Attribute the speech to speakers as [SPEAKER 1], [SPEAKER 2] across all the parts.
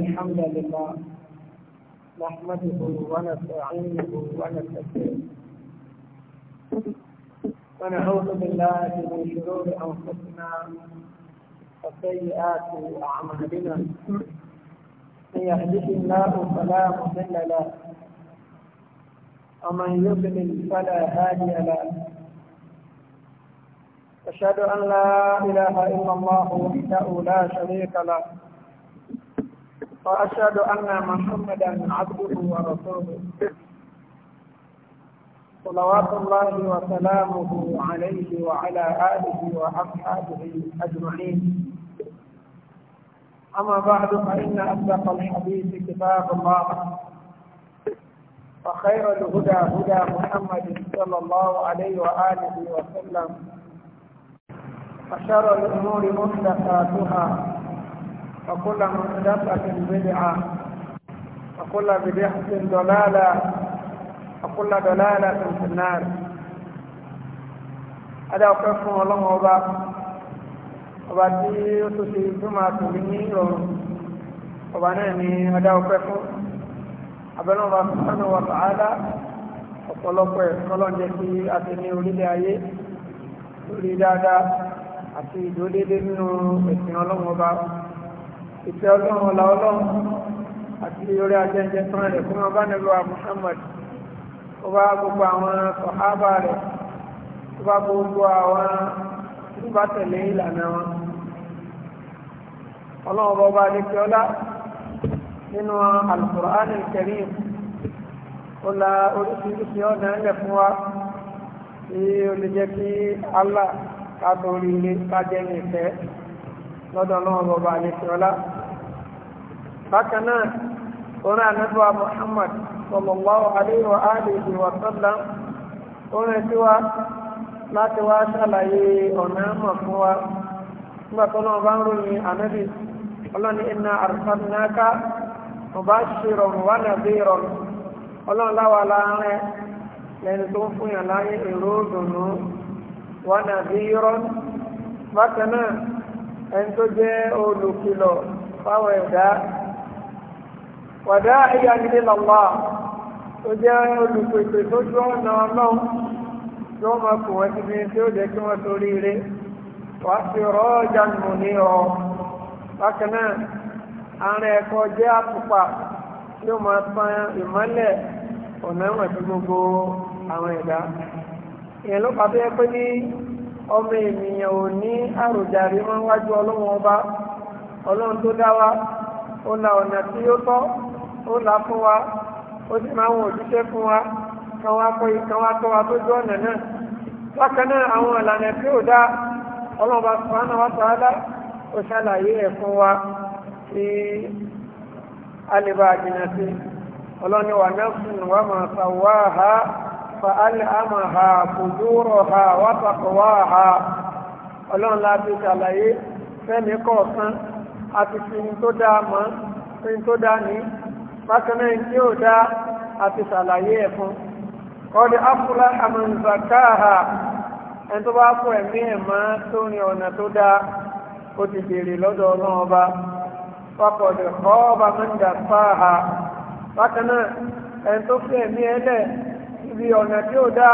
[SPEAKER 1] الحمد لله نحمده ونستعينه ونستغفره ونعوذ بالله من شرور انفسنا وسيئات اعمالنا من يهده الله فلا مضل له ومن يضلل فلا هادي له أشهد أن لا إله إلا الله وحده لا شريك له وأشهد أن محمدا عبده ورسوله صلوات الله وسلامه عليه وعلى آله وأصحابه أجمعين أما بعد فإن أصدق الحديث كتاب الله وخير الهدى هدى محمد صلى الله عليه وآله وسلم وشر الأمور محدثاتها وكل محدثة بدعة وكل بدعة ضلالة وكل ضلالة في النار هذا وقفهم الله وبارك ọba tí ó tó ṣe tó máa tòbí ní ìrọ̀rùn ọba náà ni ọdá ọpẹ́ fún abẹ́lẹ́ ọba sọ́nà wà sàádá ọ̀pọ̀lọpọ̀ ẹ̀kọ́lọ́jẹ́ sí àti ní orílẹ̀ ayé lórí dáadáa àti ìdódédé nínú ẹ̀sìn ọlọ́run ọba ìfẹ́ ọlọ́run ọ̀la ọlọ́run àti orí ajẹ́jẹ́ tán rẹ̀ fún ọba nílùú Muhammad ó bá gbogbo àwọn sọ̀hábà rẹ̀ ó bá gbogbo àwọn tó bá tẹ̀lé ìlànà wọn ọlọ́run ọba adékẹ́ ọlá nínú Al-Qur'an Al-Karim ó la oríṣiríṣi ọ̀nà ẹ̀lẹ̀ fún wa tí ó lè jẹ́ kí Allah ká torí ilé ká jẹ́ ní ìfẹ́ lọ́dọ̀ ọlọ́run ọba adékẹ́ ọlá bákan náà orin anabiwa muhammad sallallahu alayhi wa alihi wa sallam orin tiwa láti wá ṣàlàyé ọ̀nà mọ̀ fún wa nígbà tó náà bá ń ròyìn anabi ọlọ́ni iná arsalnaka mubashiran wa nadhiran ọlọ́run láwa láàárín lẹ́ni tó ń fún yàn láyé èrò òdùnnú wa nadhiran bákan náà ẹni tó jẹ́ olùkìlọ̀ fáwọn ẹ̀dá wàdá ẹ̀yà nílé lọ́wọ́ ó jẹ́ olùpèsè tó ju ọ̀nà ọlọ́run tí wọ́n máa kù wọ́n síbi tí ó jẹ́ kí wọ́n torí ire wàá fi rọ́ ọjà nù ní ọ bákan náà àárín ẹ̀kọ́ jẹ́ àtùpà tí ó máa tan ìmọ́lẹ̀ ọ̀nà ẹ̀wọ̀n sí gbogbo àwọn ẹ̀dá ìyẹn ló pàtó yẹ pé ní ọmọ ènìyàn ò ní àròjàre máa ń wájú ọlọ́run ọba ọlọ́run tó dá wa ó la ọ̀nà ó là fún wa ó sì máa ń wọ òjíṣẹ́ fún wa kan wá kọ́ wá wa tó jọ ọ̀nà náà bákan náà àwọn ìlànà tí ò dá ọlọ́ọ̀bá sùpánà wá sàádá ó ṣàlàyé ẹ̀ fún wa tí a lè bá àjìnà sí ọlọ́ni wà máa ha, fa wa taqwaha ọlọ́run láti ṣàlàyé fẹ́mi kọ̀ọ̀kan àti fi tó dáa mọ́ fi tó ní bákanáà tí ó dá àti sàlàyé ẹ̀ fún kọ́dí afúlá àmàǹzàkáhà ẹni tó bá fún ẹ̀mí ẹ̀má tó ní ọ̀nà tó dá ó ti béèrè lọ́dọ̀ ọlọ́run ọba fakọ̀dé ọba mẹ́ta fáhà bákanáà ẹni tó fún ẹ̀mí ẹlẹ̀ ibi ọ̀nà tí ó dá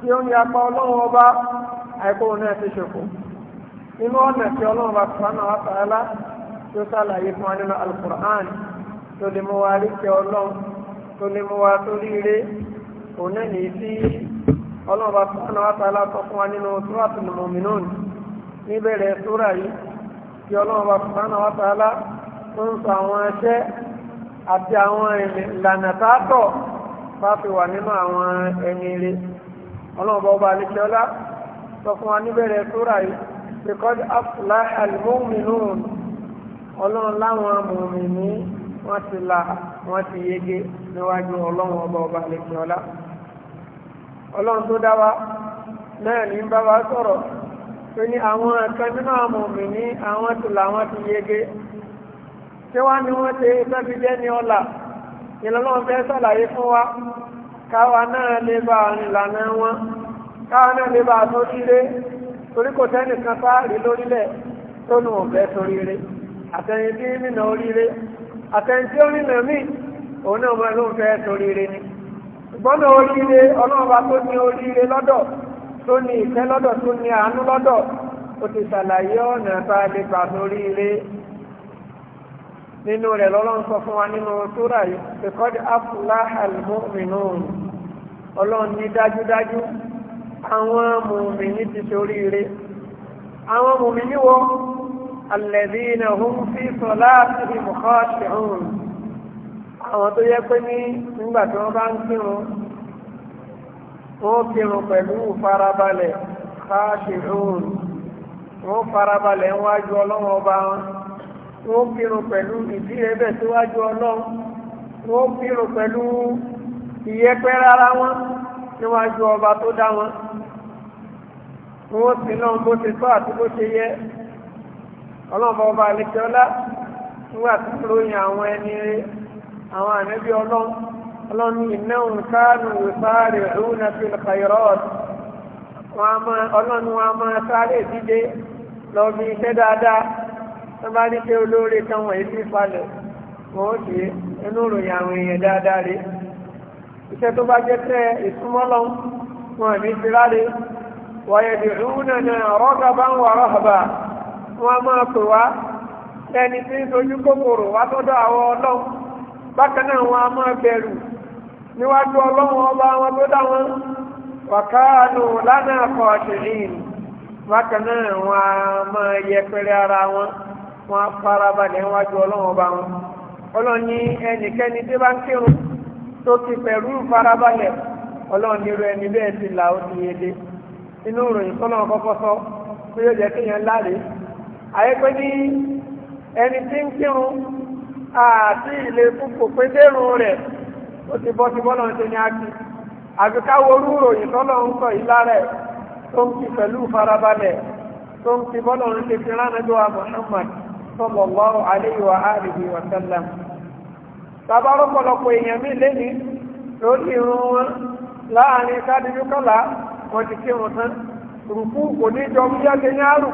[SPEAKER 1] tí ó ń yapa ọlọ́run àìkó náà ti ṣòfò nínú ọ̀nà tí ọlọ́run ọba sùpánà wà sàálà tí ó sàlàyé fún wa nínú alukur'an tó lè mú wa rí kẹ ọlọ́run tó lè mú wa tó rí ire òun náà nìyí tí ọlọ́run bá fún ọ̀nà wàtàlá sọ fún wa nínú túrọ̀tù mọ̀mìnún níbẹ̀rẹ̀ sóra yìí tí ọlọ́run bá fún ọ̀nà wàtàlá tó ń sọ àwọn ẹṣẹ́ àti àwọn ìlànà tààtọ̀ bá fi wà nínú àwọn ẹni ire ọlọ́run ọba àlejò sọ fún wa níbẹ̀rẹ̀ sóra yìí pé kọ́dí afúláhàlmọ́mìnún ọlọ́run láwọn mọ̀mìnún wọ́n ti la wọ́n ti yege níwájú ọlọ́run ọba ọba àlejò ọlá ọlọ́run tó dá wa bá sọ̀rọ̀ pé ní àwọn kan nínú àwọn òmì ní àwọn ti la wọ́n ti yege tí wá ní wọ́n ṣe sàlàyé fún wa káwa náà lè bá ìlànà wọn káwa náà lè bá tó torí àtẹ̀ntí onínà míì òun náà máa ló ń fẹ́ toríire ni gbọ́nà oríire ọlọ́ọ̀bá tó ní oríire lọ́dọ̀ tó ní ìfẹ́ lọ́dọ̀ tó ní àánú lọ́dọ̀ ó ti ṣàlàyé ọ̀nà tá a lè gbà toríire nínú rẹ̀ lọ́lọ́run sọ fún wa nínú sura yìí because aflaha almu'minun ọlọ́run ní dájúdájú àwọn mùmìnì ti ṣoríire àwọn mùmìnì wọ́n الذين هم في صلاتهم خاشعون àwọn tó yẹ pé ní nígbà tí wọ́n bá ń kírun wọ́n kírun pẹ̀lú farabalẹ̀ káṣíhùn wọ́n farabalẹ̀ wájú ọlọ́run ọba wọn kírun pẹ̀lú ìdírẹbẹ síwájú ọlọ́run wọ́n kírun pẹ̀lú ìyẹpẹ rárá wọn níwájú ọba tó dá wọn wọ́n sì náà bó ti tọ́ àti bó ṣe yẹ ọlọ́mọ ọba àlekẹ́ọ́lá nígbà tí ó ròyìn àwọn ẹni rẹ̀ àwọn ànábì ọlọ́run ọlọ́run ìnáwó káànù ìfáàrẹ̀ òun àti ìlkàyọ̀rọ̀ọ̀tì ọlọ́run wa máa sáré dídé lọ bí iṣẹ́ dáadáa tó bá ní pé olóore àwọn èèyàn dáadáa rẹ̀ iṣẹ́ tó bá jẹ́ tẹ́ ìsúmọ́lọ́ wọn ní ti ráre wọ̀nyẹ̀dì òun náà rọ́gàbá ń wà rọ́gàbá wọn a máa pè wá ẹni tí ń sojú kòkòrò wá tọ́dọ̀ àwọn ọlọ́run bákan náà wọn a máa bẹ̀rù níwájú ọlọ́run ọba wọn tó dá wọn wàkáànù lánàá kọ̀ ṣìlín bákan náà wọn a máa yẹpẹrẹ ara wọn wọn a farabalẹ̀ níwájú ọlọ́run ọba wọn ọlọ́run ní ẹnikẹ́ni tí bá ń kírun tó ti pẹ̀lú ọlọ́run nírú ẹni bẹ́ẹ̀ ti là ó ti yé dé inú ìròyìn tọ́lọ́run kọ́kọ́ sọ pé yóò àyẹ́pẹ́ ní ẹni tí ń kírun àti ilé pé rẹ̀ ó ti bọ́ ti bọ́lọ̀ ṣe ní ákì àti orú ròyìn tọ́lọ̀ ń sọ yìí lára ẹ̀ tó ń fi pẹ̀lú farabalẹ̀ tó ń fi bọ́lọ̀ ń ṣe fi ránàjọ́ Muhammad sallallahu alayhi wa alihi wa bàbá èèyàn mí lẹ́ni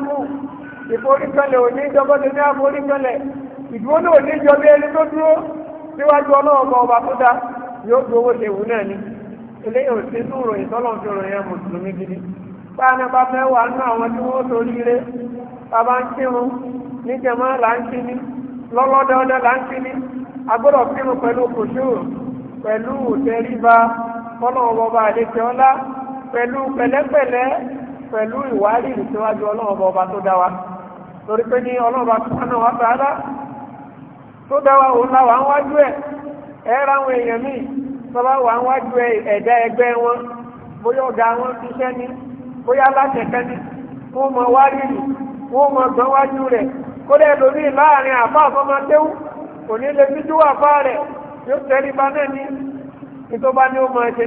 [SPEAKER 1] wọn ìforíkanlẹ̀ òní ìjọba ní àforíkanlẹ̀ ìdúró náà ní ìjọba ẹni tó dúró síwájú ọlọ́ọ̀bọ ọba tó dá yóò gbowó ṣe wù náà ni eléyìí ò sí nù ròyìn tọ́lọ̀ fi ròyìn gidi báyọ̀ bá fẹ́ wà nínú àwọn tí wọ́n bàbá ń là ń kí ni là ń kí ni agbọ́dọ̀ torí pé ní ọlọ́ọ̀bá sọ́nà wà tààdá tó dáwà òun láwà ń wájú ẹ̀ ẹ̀rọ àwọn èèyàn míì tọ́lá wà ń wájú ẹ̀dá ẹgbẹ́ wọn bóyá ọ̀gá wọn ṣiṣẹ́ ní bóyá látẹ̀kẹ́ ní wọ́n mọ wájú nì wọ́n mọ wájú rẹ̀ kó dẹ̀ lórí láàrin kò ní lè fíjú rẹ̀ yóò tẹ́rí ba náà bá ní ó máa ṣe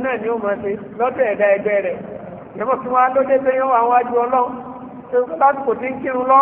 [SPEAKER 1] náà ó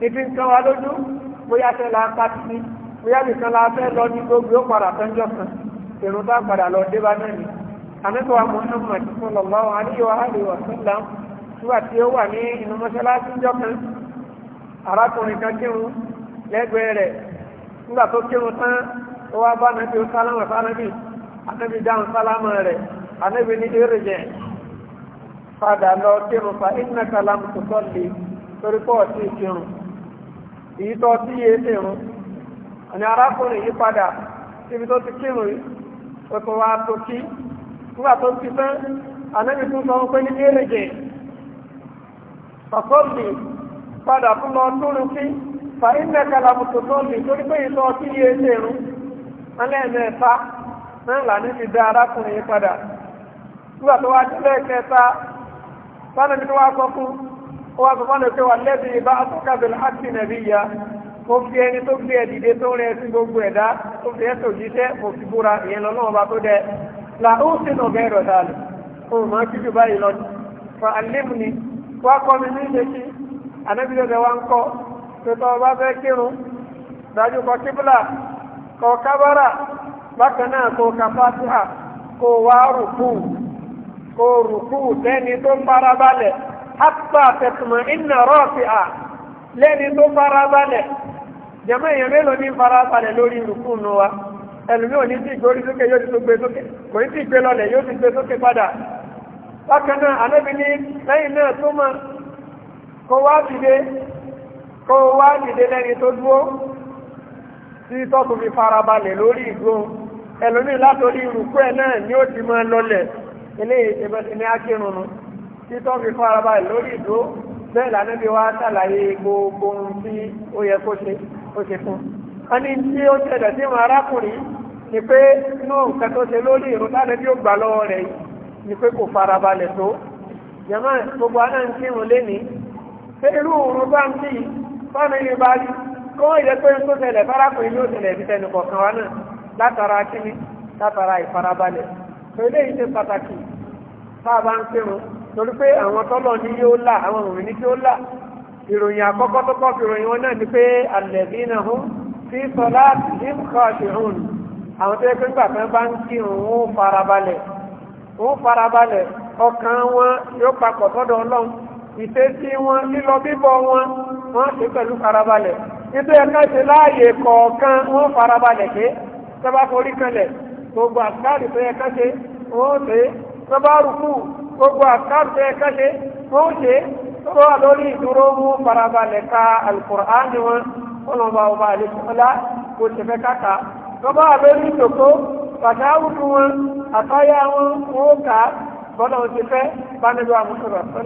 [SPEAKER 1] ibi nǹkan wa lójú bóyá fẹ́ la pa ti ní bóyá nìkan la fẹ́ lọ ní gbogbo ó padà tẹ́jọ́ kan èrò bá padà lọ dé bá náà ni àmẹ́tọ́ wa Muhammad sallallahu alaihi wa alihi wa sallam nígbà tí ó wà ní inú mọ́ṣáláṣí jọ kan arákùnrin kan kírun lẹ́gbẹ̀ẹ́ rẹ̀ nígbà tó kírun tán ó wá bá nàbí ó sálámà sálámì ànábì dáhùn sálámà rẹ̀ ànábì ní eré jẹ́ padà lọ kírun fa ìdínà kàlámù tó sọ́ọ̀lì torí pọ́ọ̀tì kírun. èyí tó tí yé sí irun ọ̀nà arákùnrin yìí padà síbi tó ti kírun wa tó kí nígbà tó ti tán anábì tún sọ pé ní kéréje fàkọ́ọ̀sì padà fún lọ túrun kí fàínẹ̀ kalamutu lọ́ọ̀lì torí pé ìtọ́ tí yé sí irun ẹlẹ́ẹ̀mẹ́ta dá arákùnrin padà nígbà tó wá sọ fọ́nà pé wà lẹ́bi ìbá àtọ́kàbẹ̀ láti nàbí ya mo fi ẹni tó gbé ẹ̀dìdẹ tó rẹ̀ sí gbogbo ẹ̀dá tó fi ẹ̀sọ̀ jíṣẹ́ mo fi búra ìyẹn lọ náà ọba tó dẹ la ó sì nà ọ̀gá ẹ̀rọ dàlù ó mọ̀ ọ́n kíjú báyìí lọ fa alẹ́mu ni wá kọ́ mi ní ilé sí anábìlẹ̀ wa ń kọ́ tó tọ́ ọba fẹ́ kírun dájú kọ kíbla kọ kábàrà bákan náà kó ka fatiha kó wá rùkú kó rùkú tẹ́ni tó ń farabalẹ̀ hatta tẹ̀tùmọ̀ iná rọ́ọ̀sì à lẹ́ni tó fara balẹ̀ jẹ́mọ́ èèyàn mélòó ní fara balẹ̀ lórí rùkúnù wa ẹlùmí ò ní sí ìgbórí sókè yóò ti tó gbé sókè kò ní sí ìgbé lọlẹ̀ yóò ti gbé sókè padà bákan náà anábi ní lẹ́yìn náà tó mọ̀ kó wá dìde kó wá dìde lẹ́ni tó dúó tí tọ́kù fi fara lórí ìgbó ẹlùmí látòrí rùkú ẹ̀ náà ni ó ti mọ́ lọlẹ̀ eléyìí ti ti ní ákírùn-ún títọ́ fi faraba lórí ìdó bẹ́ẹ̀ lànàbí wa sàlàyé gbogbo ohun tí ó yẹ kó ṣe ó ṣe fún. wọ́n ní tí ó ṣẹlẹ̀ sí wọn arákùnrin ni pé inú nǹkan tó ṣe lórí ìrún lànàbí ó gbà lọ́wọ́ rẹ̀ yìí ni pé kò farabalẹ̀ tó. jàmá gbogbo aná ń kírun lénìí pé irú òun bá ń kí fáwọn ilé bá rí kó wọ́n yẹ pé tó ṣẹlẹ̀ farakùnrin yóò ṣẹlẹ̀ bí tẹnu kọ̀ọ̀kan wa náà látara kíní látara ìfarabalẹ̀. pẹ̀lú èyí ṣe pàtàkì tá a bá ń kírun torí pé àwọn tọ́lọ̀ ní yóò là àwọn òmìnir ní tí ó là ìròyìn àkọ́kọ́ tó kọ́ fi ròyìn wọn náà ni pé alladhina hum fi salatihim khashi'un àwọn tó yẹ pé nígbà kan bá ń kí òun farabalẹ̀ òun farabalẹ̀ ọkàn wọn yóò papọ̀ sọ́dọ̀ ọlọ́run ìṣesí wọn lílọ bíbọ̀ wọn wọn ṣe pẹ̀lú farabalẹ̀ nítorí ẹ̀ka ṣe láàyè kọ̀ọ̀kan wọn farabalẹ̀ pé tọ́ba forí kanlẹ̀ gbogbo àṣkáàdì gbogbo àkáàtọ̀ ẹ̀ka ṣe wọ́n ṣe tó wà lórí ìdúró mú farabalẹ̀ ka alukur'an ni wọn wọn bá wọn bá lè ṣe fẹ́ káka tó bá wà lórí wọn àtọ́yà wọn wọn kà bọ́lá ti fẹ́ bánidọ́ àmúṣọ̀rọ̀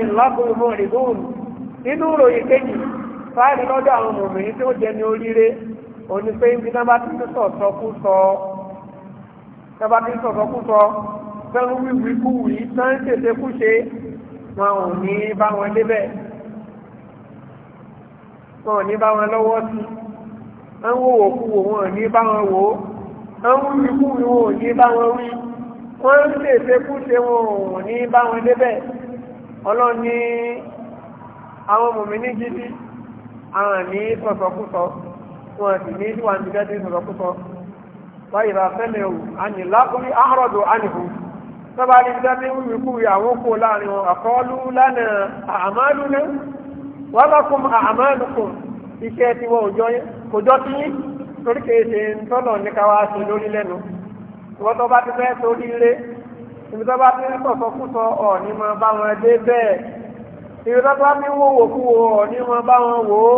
[SPEAKER 1] ló ṣe nínú ìròyìn kejì fáìlì lọ́dọ̀ àwọn mòmìnì tí ó jẹ ní oríire òní pé ibi náà bá ti ń sọ̀tọ̀ kú sọ náà bá ti ń sọ̀tọ̀ kú sọ tán wíwí kú wí tán ṣèṣe kú ṣe wọn ò ní bá wọn débẹ̀ wọn ò ní bá wọn lọ́wọ́ sí wọn wò wò kú wò wọn ò ní bá wọn wò wọn wíwí kú wí wọn ò ní bá wọn wí wọn ṣèṣe kú ṣe wọn ò ní bá wọn débẹ̀ ọlọ́ni àwọn mòmìnì gidi àwọn ní sọ̀sọ̀kúsọ wọn sì ní ìwà nígbà tí sọ̀sọ̀kúsọ wáyé bá fẹ́ lẹ́wù àní lákùnrin àárọ̀dù ànìkù tọ́ba ní ìjọ ní wíwíkúwì àwọn kò láàrin wọn àkọọ́lù lánàá àmàlù wọ́n bá kún àmàlù ìrọ́lá bá mi wó wò fún wo ọ̀ní wọn bá wọn wò ó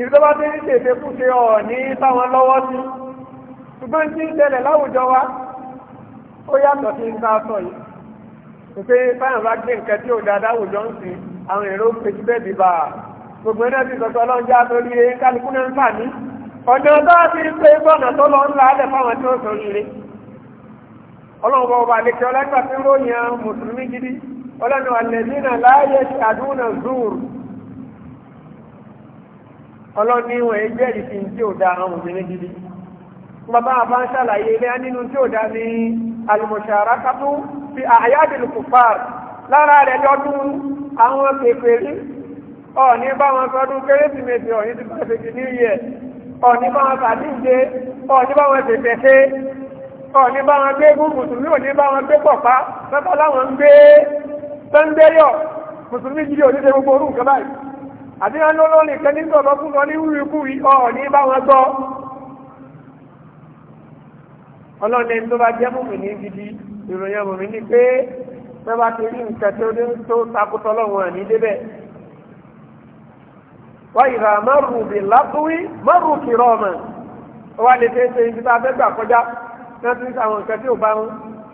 [SPEAKER 1] ìrọ́lá bá mi tètè kú ṣe ọ̀ní bá wọn lọ́wọ́ sí ṣùgbọ́n tí ń ṣẹlẹ̀ láwùjọ wa ó yàtọ̀ sí ń sáàtọ̀ yìí pé báyọ̀ bá gbé nǹkan tí ò dáadáa wùjọ ń sìn àwọn èrò pèsè bẹ́ẹ̀ bí bá gbogbo ẹ̀dá ti sọ̀tọ̀ ọlọ́njá lórí eré kálukú náà ń fà ní ọ̀nà bá ti ń pe gbọ́nà tó lọ ńlá alẹ́ fáwọn tí ó sọ ọlọ́nu alẹ́dínà láàyè àdúnà zúùrù ọlọ́ni ìwọ̀n ẹgbẹ́ ìfin tí ó da àwọn obìnrin gidi bàbá àbá ń ṣàlàyé ilé nínú tí ó da ní almusharakatu fi a'yadil kufar lára rẹ̀ lọ́dún àwọn pèpèrí ọ̀ní bá wọn sọdún kérésìmesì ọ̀ní ti bá ṣe new year ọ̀ní bá wọn sàdíje ọ̀ní bá wọn tètèsé ọ̀ní bá wọn gbé gúgùsù ní òní bá wọn gbé pọ̀pá lọ́tọ́ láwọn gbé pẹ́ńbẹ́yọ̀ mùsùlùmí gidi òdíje gbogbo orú nǹkan báyìí àti wọn ló lọ́ọ̀lì kẹ́ nígbà ọ̀dọ́ fún wọn ní wíwíkú ọ̀ ní bá wọn gbọ́ ọlọ́ọ̀lẹ́ tó bá jẹ́ mùmìnì gidi ìròyìn mùmìnì pé mẹ́bàá ti rí nǹkan tó dé tó takùtọ̀ lọ́wọ́ ní débẹ̀ wọ́n ìhà mọ́rù bí látúwí mọ́rù kìrọ̀ ọ̀mọ̀ wọ́n lè fẹ́ ṣe ibi tá a fẹ́ gbà kọjá náà tún sáwọn nǹkan tí ò bá wọn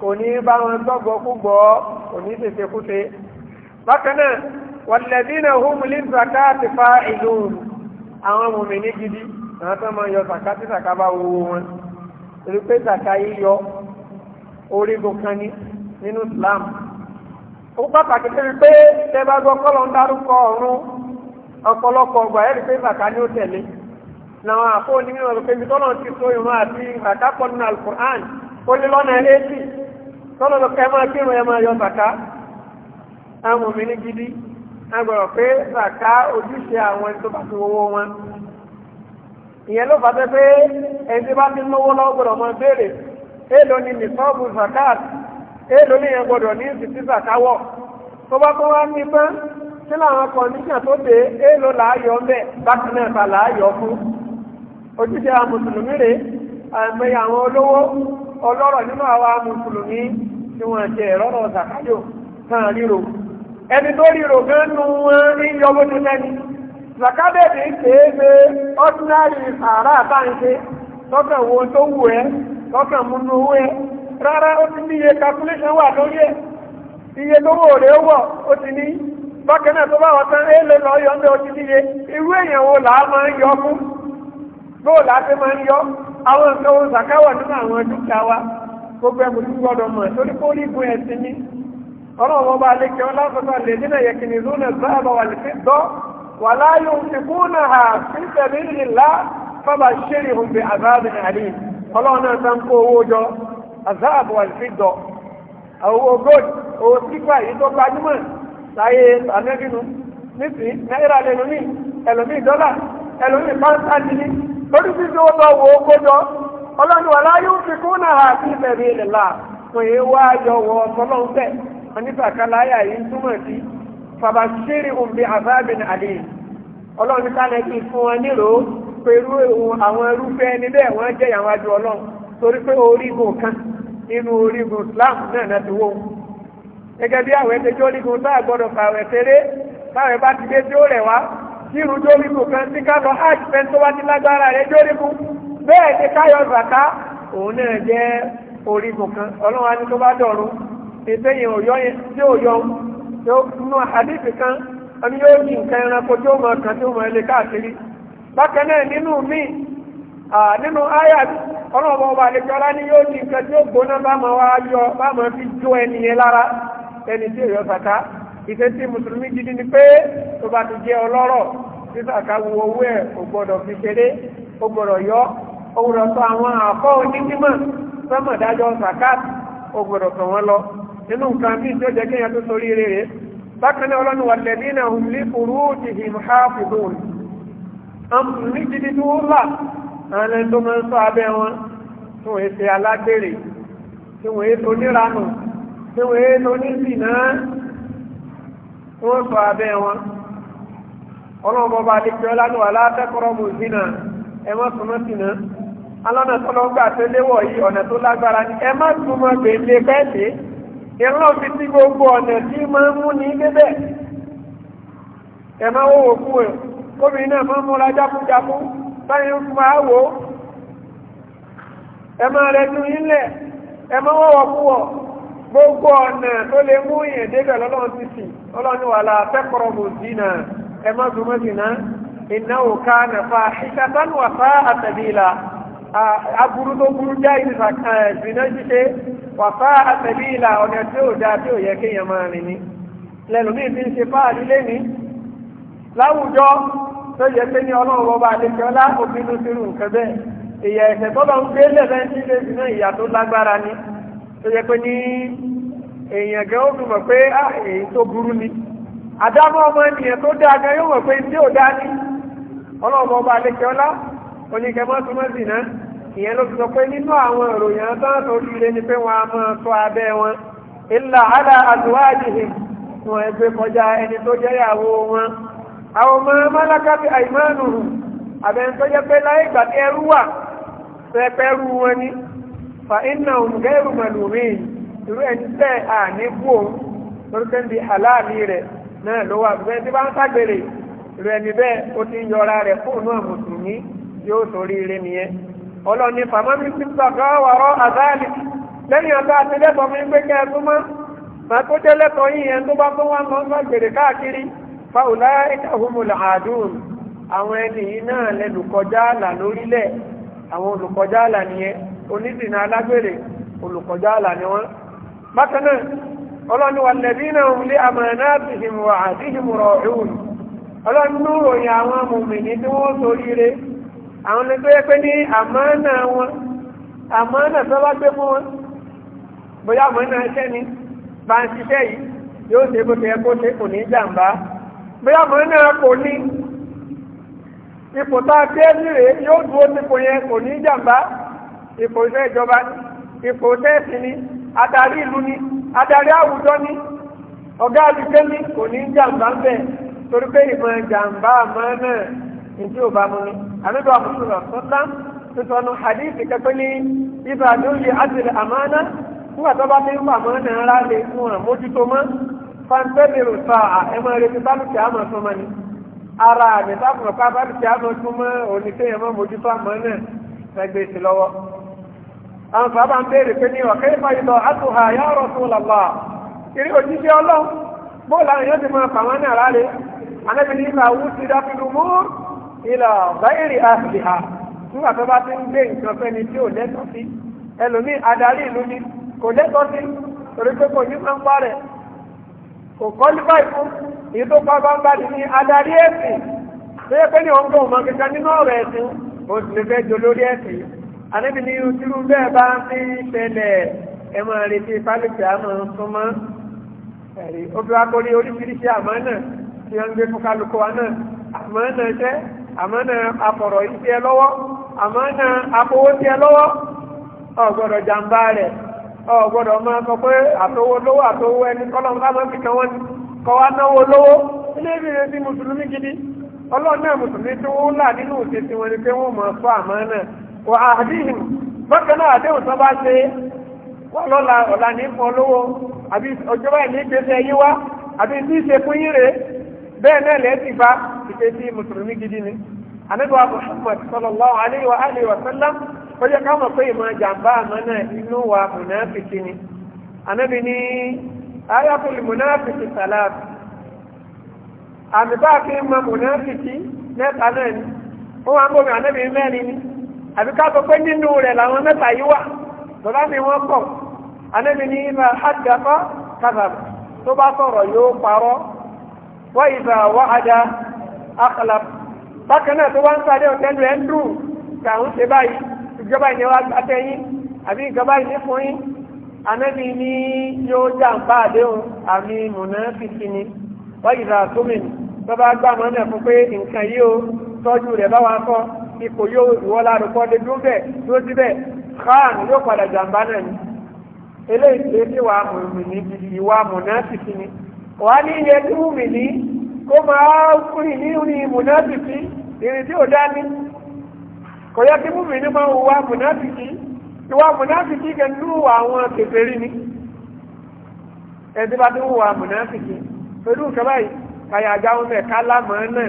[SPEAKER 1] kò ní bá wọn gbọ́gbọ́ kúgbọ́ kò ní tètè kúte bákan náà wàlẹ́dínà húmùlí zaka ti fa ìlú àwọn mùmìnì gidi àwọn tó máa yọ zaka tí zaka bá wo wọn torí pé zaka yíyọ orígun kan ní nínú Islam ó pàtàkì pé pé tẹ bá gbọ́ kọ́lọ̀ ń dárúkọ ọ̀run ọ̀pọ̀lọpọ̀ ọgbà ẹ̀rí pé zaka ni ó tẹ̀lé làwọn àpò onímọ̀ rẹ̀ pé ibi tọ́lọ̀ ti so ìrún àti zaka nínú alukur'an ó lé lọ́nà 80 tọ́lọ́lọ́ ẹ máa kírun ẹ máa yọ zàká àwọn òmìnir gidi agbọ̀rọ̀ pé zàká ojúṣe àwọn ẹni tó bá ti wọ́wọ́ wọn ìyẹn ló fà ẹni tí bá ti lówó lọ́wọ́ gbọ́dọ̀ máa ni nìsọ́ọ̀bù zàká èèlò ni yẹn gbọ́dọ̀ ní ìsìtì zàká wọ̀ tó bá tó wá ní tán làwọn tó dé èèlò làáyọ̀ bákan náà ta làáyọ̀ fún ojúṣe àwọn mùsùlùmí ọlọ́rọ̀ nínú àwa mùsùlùmí tí wọ́n jẹ ẹ̀rọ́rọ̀ zakayo kan ríro ẹni tó ríro gan nu wọn ní lẹ́ni zakadẹ́ẹ̀dì kéèké ordinary àrà àtàǹṣe tọ́kàn wo tó wù ẹ́ tọ́kàn múnú rárá ó ti calculation wà lórí ẹ̀ iye tó wò rẹ̀ wọ̀ ó ti ní bákan tó bá wọ́n tán lè ó ti àwọn nǹkan wọn sàkáwà nínú àwọn dúkìá wa gbogbo ẹ̀mù tí gbọ́dọ̀ mọ̀ torí kó rí gun ẹ̀sìn ní ọ̀rọ̀ wọn bá lè kẹwọn láfọ́tọ̀ lè nínú yẹkìnì lónà záàbà owó jọ yìí tó gbajúmọ̀ láyé ànẹ́bínú nísìnyí náírà lẹ́nu ní ẹlòmíì dọ́là ẹlòmíì pàǹtà nínú oríṣiríṣi ó lọ wò ó kójọ ọlọ́run wà láyé ó fi kún náà àti ìbẹ̀rẹ̀ ilẹ̀ là kò wá yọ wọ ọlọ́run bẹ́ẹ̀ onífàkàláyà yìí túmọ̀ sí fún wọn nílò pẹ̀lú àwọn irúfẹ́ ẹni bẹ́ẹ̀ wọ́n jẹ́ ìyàwó àjọ ọlọ́run torí pé kan nínú orígun Islam náà náà ti wó gẹ́gẹ́ bí orígun táà gbọ́dọ̀ kírù jóríkù kan tí ká lọ hajj fẹ́ tó wá ní lágbára rẹ̀ jóríkù bẹ́ẹ̀ ni káyọ̀ òun náà jẹ́ orígun kan ọlọ́run ní tó bá dọ̀rùn ètò yẹn ò yọ yẹn tí kan ní kan yóò ní tí ó gbóná bá mọ wá yọ bá fi jó ẹni lára ẹni tí ìṣe tí mùsùlùmí gidi ni pé tó bá ti jẹ́ ọlọ́rọ̀ sísàkà wo owó ẹ̀ kò gbọ́dọ̀ fi ṣeré ó gbọ́dọ̀ yọ ó gbọ́dọ̀ tọ̀ àwọn àkọ́ onímọ̀ sọ́mọ̀dájọ́ sàkát ó gbọ́dọ̀ tọ̀ wọ́n lọ nínú nǹkan bí tí ó jẹ́ tó sórí rere bákan náà ọlọ́nu wàlẹ́dínà hum li furujihim hafidun mùsùlùmí gidi tó wúlà àwọn ẹni tó máa ń sọ abẹ́ wọn tí wọ́n ṣe alágbèrè tí wọ́n ṣe oníranù tí wọ́n ṣe onísìnà wọ́n sọ abẹ́ wọn ọlọ́run bọ́ba adékẹ́ ọlánú wà látẹ́kọ̀rọ̀ mọ̀ sínà súnmọ́ sínà alọ́nà tó lọ gbà tó léwọ̀ yìí ọ̀nà tó lágbára ni ẹ má súnmọ́ bẹ́ẹ̀lì ìrọ̀ fi sí gbogbo ọ̀nà tí ń mú ní bẹ́bẹ̀ ẹ má wọ́wọ́ náà múra jákújákú báyìí ń fún ẹ má dùn gbogbo ọ̀nà tó lè mú yẹn débẹ̀ lọ́lọ́run ti sì ọlọ́run wà láà fẹ́kọ̀rọ̀ bò dínà ẹ má dùn mọ́ dínà ìnáwó ká nàfà ìṣàtánù àfá àtẹ̀bílà aburú tó burú já ìrìnà ṣíṣe wàfá àtẹ̀bílà ọ̀nà tí ò dáa tí ò yẹ kéèyàn máa rìn ní lẹ́nu ìyà ẹ̀sẹ̀ tó lọ ń gbé lẹ́fẹ̀ẹ́ sí ilé ìsìn ìyà tó lágbára ni. tó yẹ pé ní èèyàn gan ó fi mọ̀ pé á èyí tó burú ni àdámọ́ ọmọ ènìyàn tó dáa gan yóò mọ̀ pé tí ò dáa ní ọba àlekẹ́ ọlá oníkẹ́mọ́ tó mọ́ sí náà ìyẹn ló fi sọ pé nínú àwọn ìròyìn tán tó líle ni pé wọn a máa tọ́ abẹ́ wọn ilà àlà àdúwádìí wọn ẹgbẹ́ kọjá ẹni tó jẹ́ ìyàwó wọn àwọn ọmọ àbẹ̀ntọ́jẹ́ pé láyé ìgbà wà pẹ́pẹ́rú wọn ni fa iná òmùgẹ́rù màlúmí irú ẹni bẹ́ẹ̀ à ní o lórúkẹ́ ń di aláàmì rẹ̀ náà ló wà bẹ́ẹ̀ tí bá ń ságbèrè irú ẹni bẹ́ẹ̀ ó ti ń yọra rẹ̀ fóònù àmùsùnmí yóò sórí ire nìyẹn ọlọ́ni fàmọ́mí ti gbàgbọ́ wàrọ́ àzáàlì lẹ́yìn ọ̀gá àti lẹ́tọ̀ọ́ mi gbé kẹ́ ẹ ma onídìní alágbèrè olùkọjá àlà ni wọ́n bákan náà ọlọ́ni wà lẹ́bí na ń lé àmàlà ìhùn ọlọ́ni àwọn mùmìnì tí wọ́n sórí rẹ̀ àwọn ní pé ní àmánà wọn àmánà tó gbé fún wọn bóyá àmánà ni a ipò iṣẹ́ ìjọba ní ipò iṣẹ́ ẹ̀sìn ní adarí ìlú ní adarí àwùjọ ní ọ̀gá àlùkẹ́ ní kò ní jàǹbá ń bẹ̀ torí pé ìmọ̀ jàǹbá àmọ́ náà ìdí ò bá mu ní àlejò àmúṣúra sọ́tà tuntun hadith kẹ́kọ́ ní ibà lóye àtìlẹ̀ àmọ́ná nígbà tó fi ń pàmọ́ náà rà lè fún wọn mójútó mọ́ fàǹtẹ́lẹ̀rù sọ ẹ̀mọ́ rẹ̀ ti sábìkì àmọ́ sọmọ ni ara àmì sábìkì àmọ́ sọmọ òní kéèyàn mọ́ mójútó àmọ́ náà fẹ́ àwọn sábà ń béèrè pé ní ọ̀kẹ́ ìfàyìlọ àtúhà yá Rasulullah ìrí òjíṣẹ́ ọlọ́run bó láàrin yóò ti máa fà wọ́n ní àlàálẹ̀ anábì ní ìlà owó ti dá fílù mú ìlà báyìrì àṣìhà nígbà tó bá ti ń gbé nǹkan fẹ́ni tí ò lẹ́tọ̀ sí ẹlòmíì adarí ìlú ni kò lẹ́tọ̀ sí torí pé kò ní máa lè fẹ́ jolórí ẹ̀sìn ànábì ní ojúrú bẹ́ẹ̀ bá ń fi ṣẹlẹ̀ ẹ máa retí fálùkì àmọ́ súnmọ́ ẹ̀rí obìnrin oríṣiríṣi àmọ́ náà tí wọ́n ń gbé fún kálukú wa náà àmọ́ náà jẹ́ àmọ́ náà afọ̀rọ̀ ìṣe lọ́wọ́ àmọ́ náà lọ́wọ́ jàǹbá rẹ̀ máa sọ wà àdíhìn bákan náà àdéhùn tó bá ṣe wọ́n lọ́la ọ̀la ní fún olówó àbí ọjọ́ báyìí ní gbèsè ẹyí wá àbí tí í ṣe fún yín rèé bẹ́ẹ̀ náà lẹ́ẹ̀tì bá ìpè tí mùsùlùmí gidi ni àníbà Muhammad sallallahu alayhi wa alihi wa sallam ó yẹ ká mọ̀ pé ìmọ̀ jàǹbá àmọ́ àbí ká sọ pé nínú rẹ̀ làwọn mẹ́ta yìí wà tọ́lá ni wọ́n kọ̀ anẹ́mi ní ìmọ̀ àjàfọ́ kàzàb tó bá sọ̀rọ̀ yóò parọ́ wọ́n ìgbà wọ́n àjà àkàlà bákan náà tó wá ń sáré ọ̀tẹ́lu ẹ̀ ń dùn kí àwọn ṣe báyìí ìjọba ìníwá àtẹ̀yìn àbí ìjọba ìní fún yín anẹ́mi ní yóò ipò yóò wọ́ lárúkọ lé dúró bẹ́ẹ̀ dúró síbẹ̀ khan yóò padà jàǹbá náà ni eléyìí tó ní wàá mùmí ní gidi ìwà mùnáfìkì ni wàá ní iye tí mùmí ní kó máa fún ìní ní mùnáfìkì ìrìn tí ò dá ní kò yẹ kí mùmí ní máa wà mùnáfìkì ìwà mùnáfìkì kẹnu àwọn kèfèrí ni ẹni tí bá tó wà mùnáfìkì pẹ̀lú nǹkan báyìí kàyà àjáwọn mẹ́ẹ̀ká lámọ̀ náà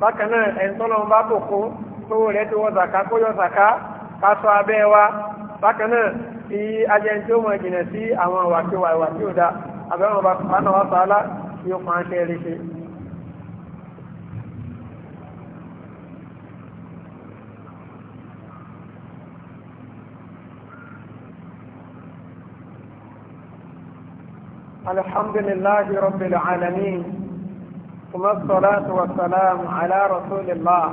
[SPEAKER 1] bákan náà ẹ̀ńtọ́lọ́run bá bò fún tówó rẹ̀ tó wọ zàká kó yọ zàká ká sọ abẹ́ wa bákan náà fi ajẹ́ tí ó mọ̀ jìnà sí àwọn ìwàkiwà ìwà tí ó da abẹ́rùn ọba sùpánà sàálà tí ó máa ṣe rí ṣe. alhamdulillahi rabbil alamin ثم الصلاة والسلام على رسول الله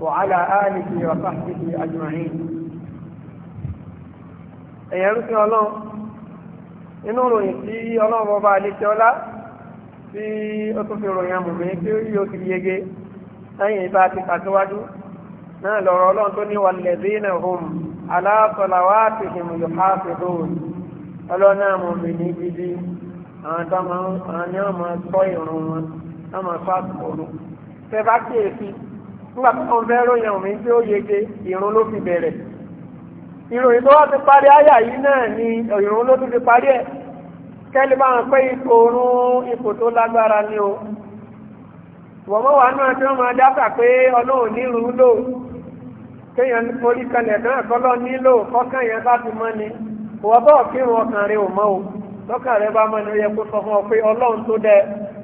[SPEAKER 1] وعلى آله وصحبه أجمعين ẹ̀yẹ̀ ń sin ọlọ́run inú ròyìn tí ọlọ́run ọba àlejò ọlá tí ó tún fi ròyìn àmùmí tí ó yóò ti yege lẹ́yìn ìta ti kàtíwájú náà lọ́rọ̀ ọlọ́run tó ní walladhina hum ala salawatihim yuhafidun ọlọ́run àmùmí ní gidi àwọn tó máa ń sọ ìrun wọn wọ́n máa fọ́ àsìkò òru tẹ bá kíyèsí nígbà tí wọ́n fẹ́ ròyìn òmí tí ó yege ìrun ló fi bẹ̀rẹ̀ ìròyìn tó wá ti parí àyà yìí náà ni ìrun ló tún fi parí ẹ̀ kẹ́lí bá wọn pé ipò oorun ipò tó lágbára ni o wọ́n mọ́ wàá náà tí wọ́n máa dábà pé ọlọ́run nílùú lò kéèyàn orí kanlẹ̀ náà kọ́lọ́ nílò kọ́kàn yẹn bá ti mọ́ ni wọ́n bọ́ kírun ọkàn rẹ ò mọ́ o lọ́kàn rẹ bá mọ́ ni ó yẹ kó sọ fún ọ pé ọlọ́run tó dẹ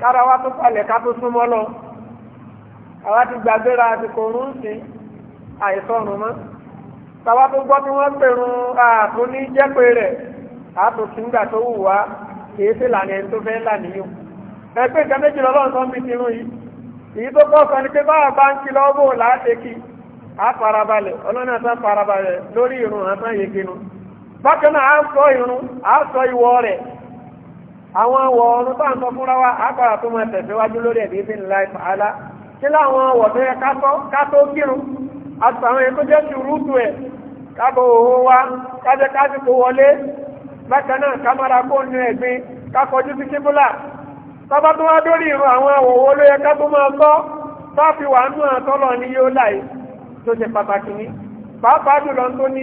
[SPEAKER 1] kára wa tó falẹ̀ ká tó súnmọ́ lọ àwa ti gbàgbéra àsìkò òórùn sí àìsọ̀rùn mọ́ tàwa tó gbọ́ tí wọ́n pèrún ààtún ní jẹ́pẹ́ rẹ̀ tó wù wá kìí sí lànà ẹni tó fẹ́ lànìyàn ẹgbẹ́ ìjọ méjì lọ́lọ́run tó bí tirun yìí èyí tó pọ̀ sọ ni pé báwa bá ń kí lọ́wọ́ láti kí àti lórí àwọn ọwọ́ ọ̀run bá ń fúnra wa àpàrà tó máa tẹ̀síwájú lórí ẹ̀bí bí ńlá ìfàálà kí láwọn ọwọ́ tó yẹ ká tó kírun àtàwọn èkó jẹ́ ṣùrùtù ẹ̀ kábọ̀ òhun wa kájẹ́ kásìkò wọlé bákan náà kámára kó nu ẹ̀gbin kákọjú sí kíbúlà tọ́ba tó wá dórí ìrun àwọn ọwọ́ ló yẹ ká tó máa kọ́ tọ́ọ̀fì wà nù àtọ́lọ̀ ní yóò láì tó ṣe pàtàkì ní pàápàá jùlọ tó ní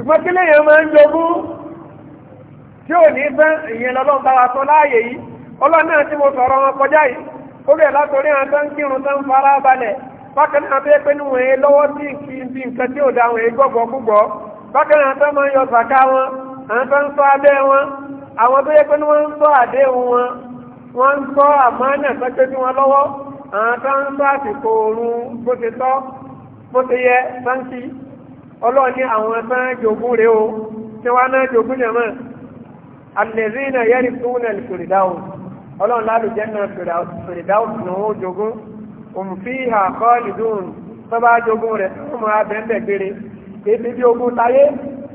[SPEAKER 1] ṣùgbọ́n kí lèyàn máa ń jogún tí ò ní fẹ́ ìyẹn lọ́lọ́run bá wa sọ láàyè yìí ọlọ́run náà tí mo sọ̀rọ̀ wọn kọjá yìí ó rẹ̀ látòrí àwọn tó ń kírun tó ń fara balẹ̀ bákan náà tó yẹ pé níwọ̀n yẹn lọ́wọ́ sí ibi nǹkan tí ò da àwọn èyí gbọ̀gbọ̀ bákan náà tó máa ń yọ wọn àwọn tó ń sọ ọlọ́run ní àwọn ẹ̀sán jogún rẹ̀ o tí wá náà jogún yẹn mọ́ alẹ́rìnà yẹ́rì fún nà fèrèdáwò ọlọ́run lálùjẹ́ náà fèrèdáwò ní wọ́n jogún òmùfíhà kọ́ọ̀lì dùn tó bá jogún rẹ̀ ọmọ abẹ́ńbẹ̀ gbére ètò ibi ogun táyé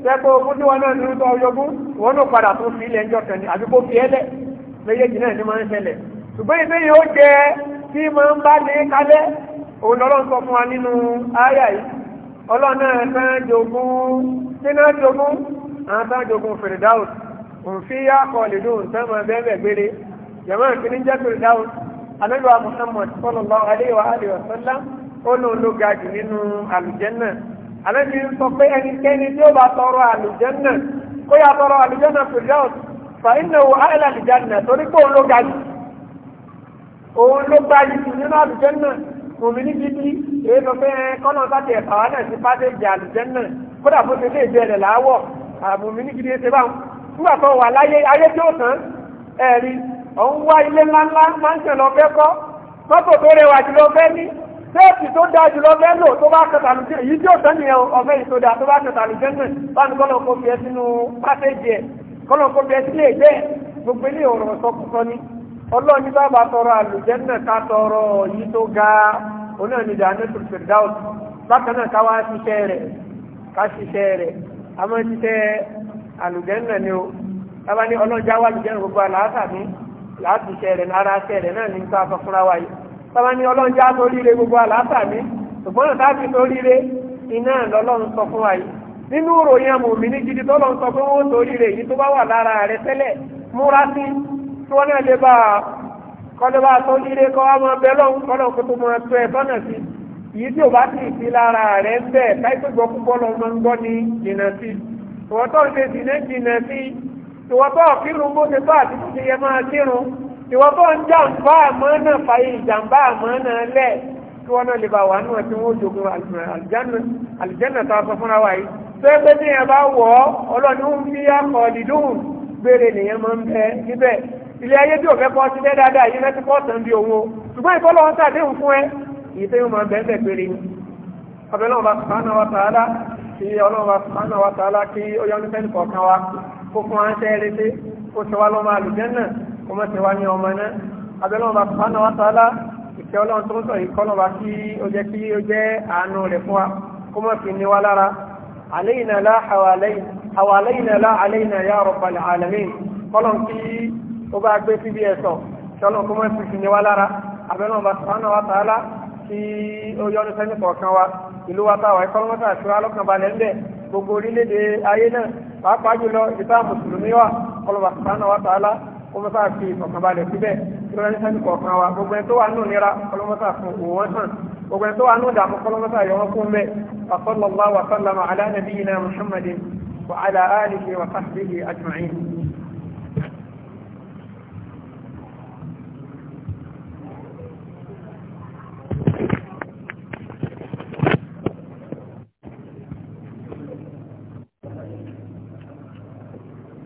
[SPEAKER 1] sẹ́kọ̀ ogun tí wọ́n náà ní tọ́ yogún wọ́n náà padà tún fi ilẹ̀ ẹjọ́ kan ní àdúgbò fi ẹlẹ̀ méjèèjì ń ṣẹlẹ̀ ṣùgbọ́n ọlọ́nà ẹ̀fẹ́ jogún nínú jogún àtà jogún fèrèdáwùs òfin yá kọlìdù sẹ́mọ̀ bẹ́ẹ̀ gbére jẹ̀mọ́ ìpínlẹ̀ jẹ́ fèrèdáwùs anábíwá muhammad sallallahu alaihi wa alihi wa sallam ó lò ló ga jù nínú àlùjẹ́nà anábí ń sọ pé ẹnikẹ́ni tí ó bá tọrọ àlùjẹ́nà kó yá tọrọ àlùjẹ́nà fèrèdáwùs fa iná wo àìlà àlùjẹ́nà torí pé òun jù òun ló gbáyìí nínú àlùjẹ́nà òmìnir èyí tó fẹ́ kọ́nà sáti ẹ̀fà wa náà ti pàdé ìjà àlùjẹ́ náà kódà fún ti ilé ìjẹ rẹ̀ láwọ̀ àbùmí ní gidi ṣe báwọn nígbà tó wà láyé ayé tí ó tán ẹ̀rí ọ̀hún wá ilé ńláńlá máa ń ṣẹlọ fẹ́ kọ́ mọ́tò tó rẹwà jùlọ fẹ́ ní séèpì tó dáa jùlọ fẹ́ lò tó bá kẹta àlùjẹ́ èyí tí ó tán nìyẹn ọ̀fẹ́ yìí tó bá kẹta àlùjẹ́ náà báwọn kọ́nà kó fi ẹ òun ni Jannatul Firdaus bákan náà ká wá ṣiṣẹ́ rẹ̀ ká ṣiṣẹ́ rẹ̀ a máa ń ṣiṣẹ́ àlùjẹ́nà ni o tábà ní ọlọ́jà wà lùjẹ́nà gbogbo àlàáfà ní láti ṣẹ́ rẹ̀ lára ṣẹ́ rẹ̀ náà ní nǹkan afọ́fúnra wa yìí tábà ní ọlọ́jà sóríire gbogbo àlàáfà ní ṣùgbọ́n náà tábì sóríire iná lọ́lọ́run sọ fún wa yìí nínú ìròyìn àmọ̀mí ní gidi tọ́lọ́run sọ pé wọ́n sóríire yìí tó bá wà lára rẹ̀ tẹ́lẹ̀ múra sí tí wọ́n náà lè bá kọ́lọ́bà tó nílé kọ́ ọmọ ọbẹ̀ lọ́hún kọ́lọ́ kó tó mọ ẹtọ́ ẹ̀ tọ́nà sí yìí tí o bá sì sí lára rẹ̀ ń bẹ̀ táìpé gbọ́ púpọ̀ lọ mọ ń gbọ́ ní jìnà sí ìwọ́n tó ń ṣe sì ní jìnà sí ìwọ́n tó kírun bó ṣe tó àti tó ṣe yẹ máa kírun ìwọ́n tó ń jàǹbá àmọ́ náà fàyè ìjàǹbá àmọ́ náà lẹ̀ kí wọ́n náà lè bá wà níwọ̀n tí wọ́n jogun àlùjànnà tó aṣọ fúnra wa yìí tó ẹgbẹ́ tí yẹn bá wọ̀ ọ́ ọlọ́ni ń fi akọ̀ ọ̀dìdún gbére nìyẹn máa ń bẹ níbẹ̀ ilé ayé bí òfẹ́ kọ́ sí bẹ́ẹ̀ dáadáa yìí lẹ́sìn kọ́ tán bí òun o ṣùgbọ́n ìfọ́lọ́ wọn sàdéhùn fún ẹ èyí tẹ́yìn máa bẹ́ẹ̀ bẹ́ẹ̀ péré ni ọbẹ̀ náà bá sùpánà wa tààlà kí ọlọ́run bá sùpánà wa tààlà kí ó yọ ní fẹ́ǹkọ̀ kan wa kó fún ránṣẹ́ eréte kó ṣe wá lọ́mọ àlùjànnà kó mọ̀ ṣe wá ní ó bá gbé síbi ẹ̀sọ̀ ṣọlọ́ kó mọ́ sí fi ní wá lára abẹ́nà ọba sọ̀rọ̀ wa tààlà tí ó yọ ọdún sẹ́ni kọ̀ọ̀kan wa ìlú wa táwa ẹ̀kọ́lọ́mọ́tà àti wa lọ́kàn balẹ̀ gbogbo orílẹ̀-èdè ayé náà pàápàá jùlọ ìta mùsùlùmí wa ọlọ́ba sọ̀rọ̀ wa tààlà ó mọ́tà fi ọ̀kan síbẹ̀ ìrọ̀lẹ́ الله وسلم على نبينا محمد وعلى آله وصحبه أجمعين